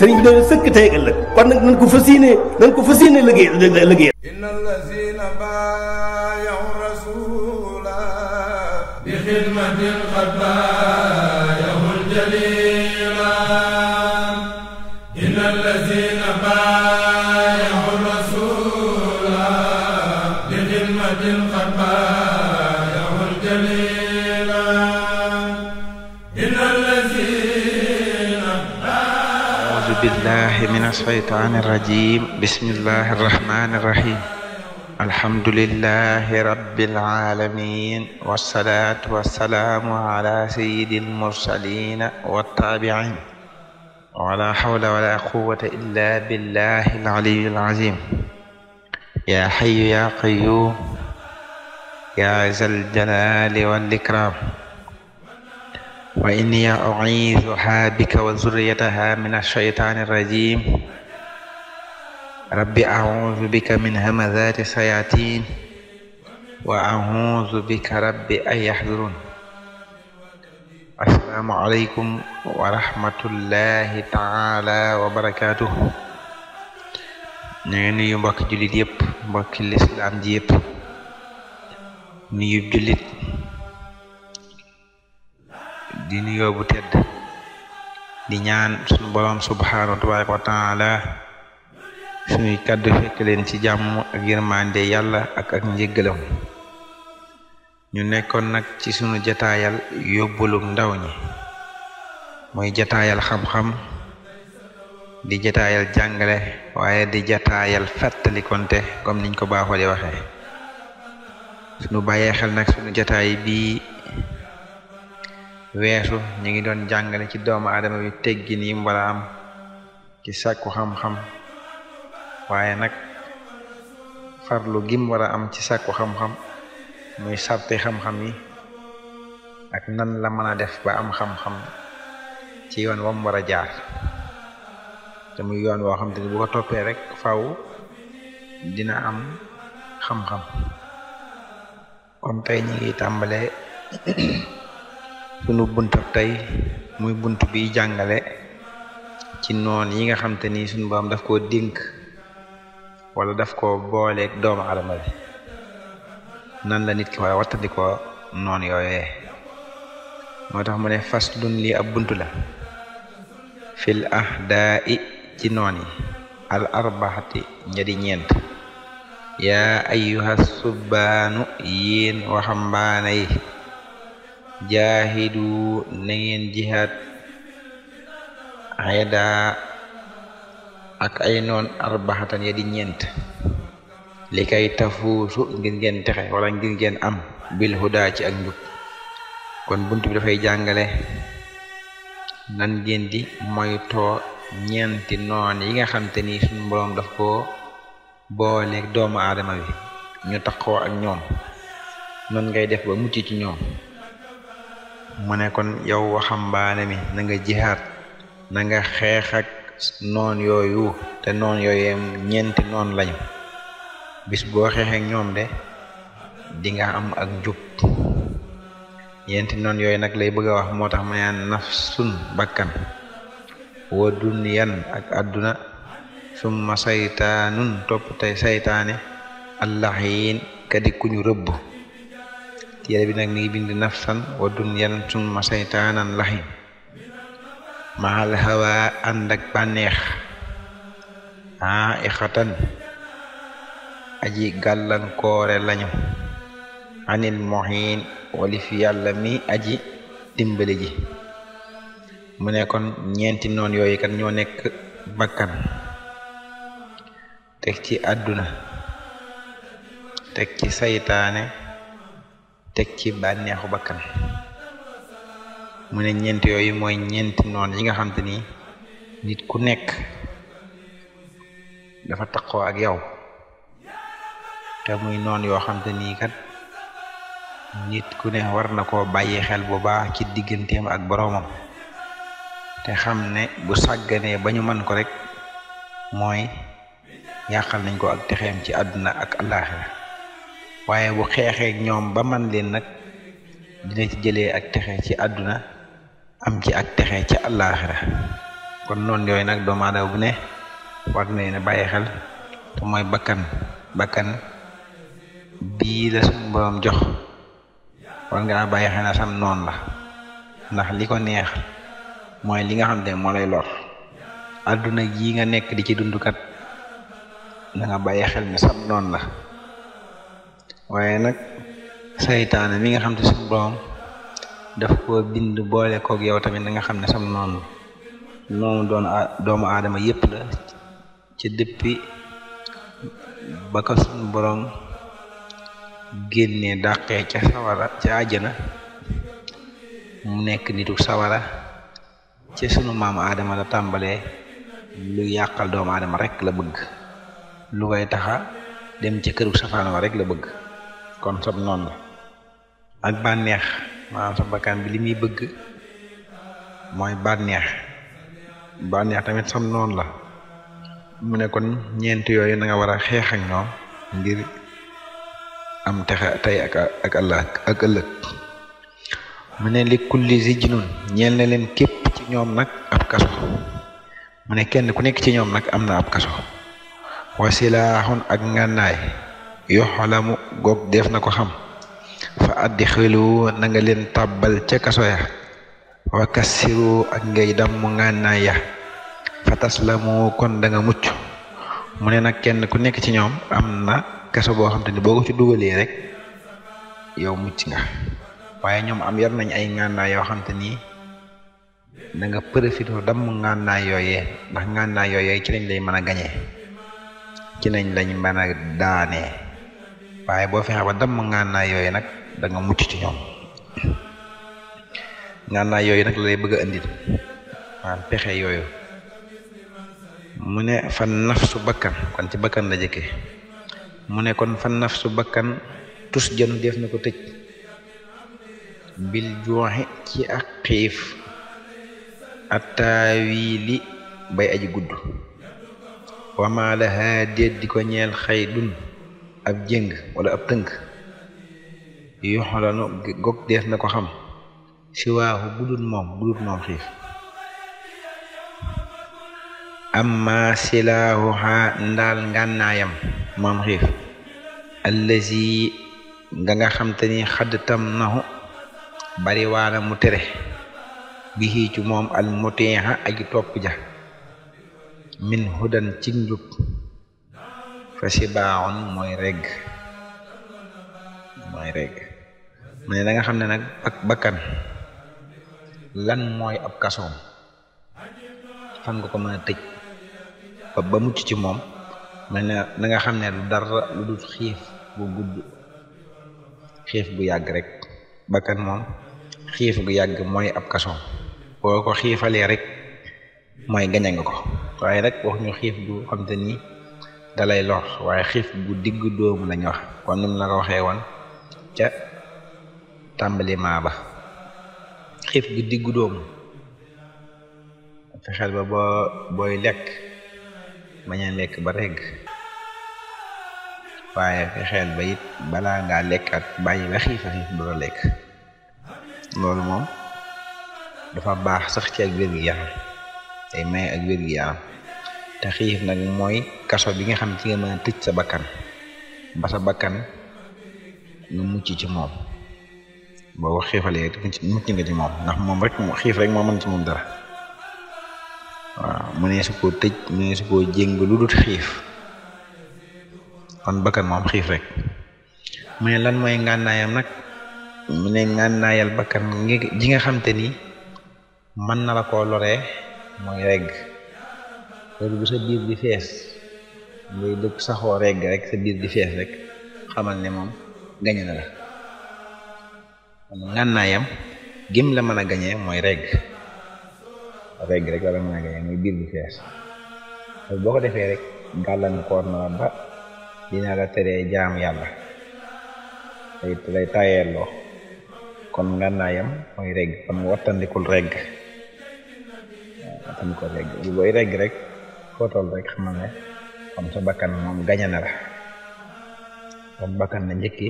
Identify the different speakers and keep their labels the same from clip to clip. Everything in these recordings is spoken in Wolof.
Speaker 1: sëriñ bi dañu sëkk tey ëllëg kon nag nañ ko fas yéene nañ ko fas yéene liggéey liggéey bi xidmatin qad baayahu aljalila inna allazina baayahu rasula bi xidmatin qad baayahu بالله من الشيطان الرجيم بسم الله الرحمن الرحيم الحمد لله رب العالمين والصلاة والسلام على سيد المرسلين والتابعين ولا حول ولا قوة إلا بالله العلي العظيم يا حي يا قيوم يا ذا الجلال والإكرام wa inni u'iizuha bika wa zurriyataha min ash-shaytaani rajiim rabbi a'uuzu bika min hamazaati sayaatiin wa a'uuzu bika rabbi an yahduruun assalaamu aleykum wa rahmatullahi taala wa barakaatuh ñu ngi nuyu mbokki jullit yëpp mbokki lislaam ji yëpp nuyu jullit di nuyoo bu tedd di ñaan sunu borom subhaanahu tabaaraka wa taala suñuy kàddu fekk leen ci jàmm ak yërmande yàlla ak ak njéggalam ñu nekkoon nag ci suñu jataayal yóbbalum ndaw ñi mooy jataayal xam-xam di jataayal jàngale waaye di jataayal fàttalikonte comme niñ ko baaxoo di waxee sunu bàyyee xel nag sunu jataay bii weesu ñu ngi doon jàngale ci doomu adama bi teggin yi mu war a am ci sakku xam-xam waaye nag farlu gim war a am ci sàkku xam-xam muy sàrti xam-xam yi ak nan la mën a def ba am xam-xam ci yoon wam war a jaar te muy yoon woo xam te ni bu toppee rek faw dina am xam-xam kon tey ñu tàmbalee sunu buntab tey muy bunt bi jàngale ci noon yi nga xam te ni sunu borom daf koo dénk wala daf koo booleeg doomu adama bi nan la nit ki war a noon yooye moo tax mu ne fas dun lii ab bunt la fil ahdaa i ci noon yi al arbaxati ñadi ñeent yaa ayyuha subbaanu yéen waxambaane yi jaahidu na ngeen jihaad ayda ak ay noon arbaxatan ya di ñeent li kay tafuusu ngir ngeen texe wala ngir ngen am bil huda ci ak njub kon bunt bi dafay jàngale nan ngeen di moytoo ñeenti noon yi nga xam te ni suñu boroom daf ko booleeg doomu aadama bi ñu taxoo ak ñoom noonu ngay def ba mucc ci ñoom mu ne kon yow waxambaane mi na nga jihaat na nga xeex noon yooyu te noon yooyu ñeenti noon lañu bis boo xeexee ñoom de di am ak njub ñeenti noon yooyu nag lay bëgg wax moo tax ma naan nafsun bakkan wa dunyan ak àdduna summa saytaanun topp tey saytaane allaxiin kadi ku ñu rëbb téere bi nag mi ngi bind nafsan wa dunyan summa saytaanan laxin mahal hawa ànd ak bànneex ah ixatan aji gàllankoore lañu anil mohin walif yàlla mi aji dimbali ji mu ne kon ñeenti noon yooyu kat ñoo nekk bakkan teg ci àdduna teg ci seytaane teg ci bànneexu bakkan mu ne ñeent yooyu mooy ñeenti noon yi nga xam te ni nit ku nekk dafa taqoo ak yow te muy noon yoo xam te ni kat nit ku nekk war na koo bàyyi xel bu baax ci digganteem ak boroomam te xam ne bu sàgganee ba ñu mën ko rek mooy yàqal nañ ko ak texeem ci àdduna ak àllaaxira waaye bu xeexeek ñoom ba man leen nag dina ci jëlee ak texe ci àdduna am ci ak texe ci àllaaxira kon noonu yooyu nag doomu aadama bu ne war ne bàyyi xel te mooy bakkan bakkan bii la suñu jox war ngaa bàyyi xel na sam noonu la ndax li ko neex mooy li nga xam ne moo lay lor àdduna yi nga nekk di ci dundkat na nga bàyyi xel ne sam noon la waaye nag saytaane mi nga xam te suñu borom daf ko bind boole koog yow tamit na nga xam ne sam noonu noonu doon doomu aadama yëpp la ci dëppi ba ko suñu borom génnee ca sawara ca àjjana mu nekk nitu sawara ci sunu maamu aadama la tàmbalee lu yàqal doomu aadama rekk la bëgg lu koy taxa dem ci këru safaan wa rek la bëgg kon sab noon la ak bànneex maanaam sa bakkan bi li muy bëgg mooy bànneex bànneex tamit sam noon la mu ne kon ñeent yooyu na nga war a xeex ak ngir am texe tey ak ak ëllëg ak ne li kulli jinun ñeel leen képp ci ñoom nag ab kaso mu ne kenn ku nekk ci ñoom nag am na ab kaso wasilaaxun ak ngànnaay mu goog def na ko xam fa addi xilu nanga leen tàbbal ca kaso ya wa kassiru ak ngay damm ngànnaay ya fa taslamu kon danga mucc mu ne nag kenn ku nekk ci ñoom am na kaso boo xam ni boo ko ci dugalee rek yow mucc nga waaye ñoom am yar nañ ay ngànnaay yoo xam te ni da nga profité damm ngànnaay yooyee ndax ngànnaay yooyee ci lañ lay mën a gañee ci lañ lañ mën a daanee waaye boo fexe ba damm ngànnaay yooyu nag da nga mucc ci ñoom ngànnaay yooyu nag lay bëgg a pexe yooyu mu ne fan nafsu bakkan kon ci bakkan la jëkke mu ne kon fan nafsu bakkan tus janu def na ko tëj bil jooxe ci ak xiif attaawili bay aji gudd wama laha déet di ko ñeel xaydun ab jéng wala ab tënk yoxolanu gog dees na ko xam si waaxu budul moom budul moom xiif amma silaahuha ndaal ngànnaayam moom xiif allazi nga nga xam te ni xadd tam naxu bari waana mu tere bi moom al mutiixa aji topp ja min hudan ci njub fa si baaxoon mooy regg mooy regg mu ne da nga xam ne nag bakkan lan mooy ab kasoom fan nga ko mën a tëj ba ba mucc ci moom mel na da nga xam ne lu dara lu dul xiif bu gudd xiif bu yàgg rek bakkan moom xiif bu yàgg mooy ab kasoom boo ko xiifalee rek mooy gañe ngi ko waaye rek wax xiif bu xam te nii te lay lor waaye xiif gu diggu dóomu lañu wax kon ni la ko waxee woon ca tàmbalima ba xiif gu digg dóomu fexeel ba booy lekk bañ lekk ba regg waaye fexeel ba it balaa ngaa lekkat bàyyi ba xiif a xiif doo lekk loolu moom dafa baax sax ci ak wér gu may ak wér gu te xiif nag mooy kaso bi nga xam ci nga mën a tëj sa bakkan ba sa bakkan nga mucc ci moom boo xiifalee mucc nga ci moom ndax moom rek xiif rek moo mën ci moom dara waaw mu ne su tëj mu ne su koo lu dut xiif kon bakkan moom xiif rek mu ne lan mooy ngànnaayam nag mu ne ngànnaayal bakkan ji nga xam te ni mën na la koo loree mooy regg loolu bu sa biir di fees muy dëkk saxoo regg rek sa biir di fees rek xamal ne moom gañe na la ngànnaayam gim la mën a gañee mooy regg regg rek mën a gañee mooy biir di fees boo ko defee rek gàllankoor na la ba dina la teree jaam yàlla lay lay tayeeloo kon ngànnaayam mooy regg kon wattandikul regg wattandikul regg booy regg rek foo toll rek xamal xam sa bakkan moom gañe na la moom bakkan la njëkki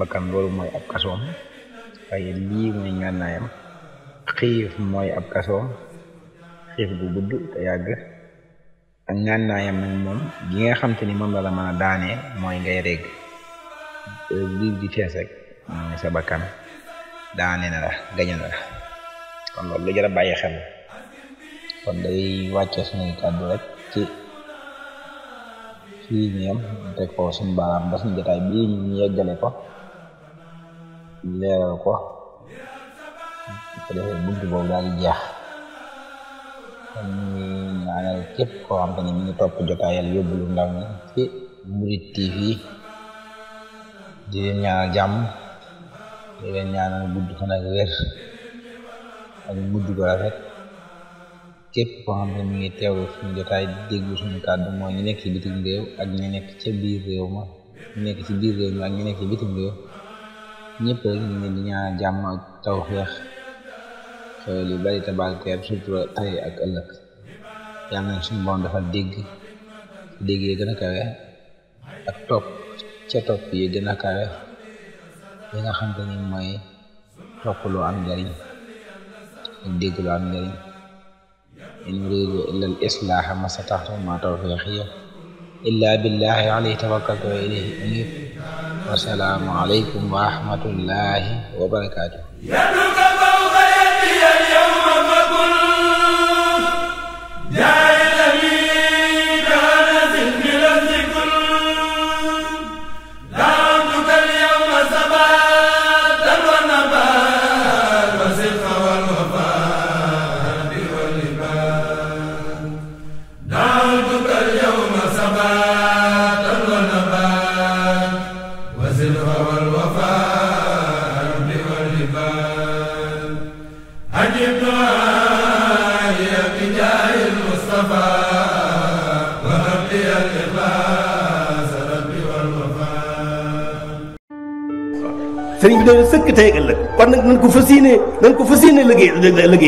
Speaker 1: bakkan loolu mooy ab kasoom xiif mooy ab kasoom bu gudd te yàgg ak ngànnaayam moom gi nga xam te ni moom la la mën a daanee mooy ngay régg biir di fees rek mooy sa bakkan daane na la gañe na la kon loolu lu xel kon day wàcce suñuy rek ci fii ñoom teg foofu suñu baaraam ba suñu jotaay bii ñu yeggale ko leeral ko ko defee bunt boobu daal jeex kon ñu ñaanal képp koo xam te ne mi ngi topp jotaayal yóbbulu ndaw ñi ci Murid TV di leen ñaanal jàmm di leen ñaanal gudd fan ak wér ak gudd ko rafet képp koo xam ne mi ngi teewlu suñu jotaay di déglu suñu kàddu moo nekk ci bitim réew ak ñu nekk ca biir réew ma ñu nekk ci biir réew mi ak ñu nekk ci bitim réew ñëpp rek ñu ne di ñaan jàmm ak tawfeex xewal yu bari tabarkeer sutura tey ak ëllëg yàlla na suñu borom dafa dégg déggee gën a ak topp ca topp yi gën a kawe nga xam te mooy topp lu am njariñ dégg lu am njariñ in uridu illa al islaaha ma sataxtu ma tawfiqiya illa billahi alayhi tawakkaltu wa ilayhi unib wasalaamu alaykum wa rahmatullahi wa barakatuh sëriñ bi de sëkk tey ëllëg kon nag nañ ko fas yéenee nañ ko fas yéenee liggéey liggéey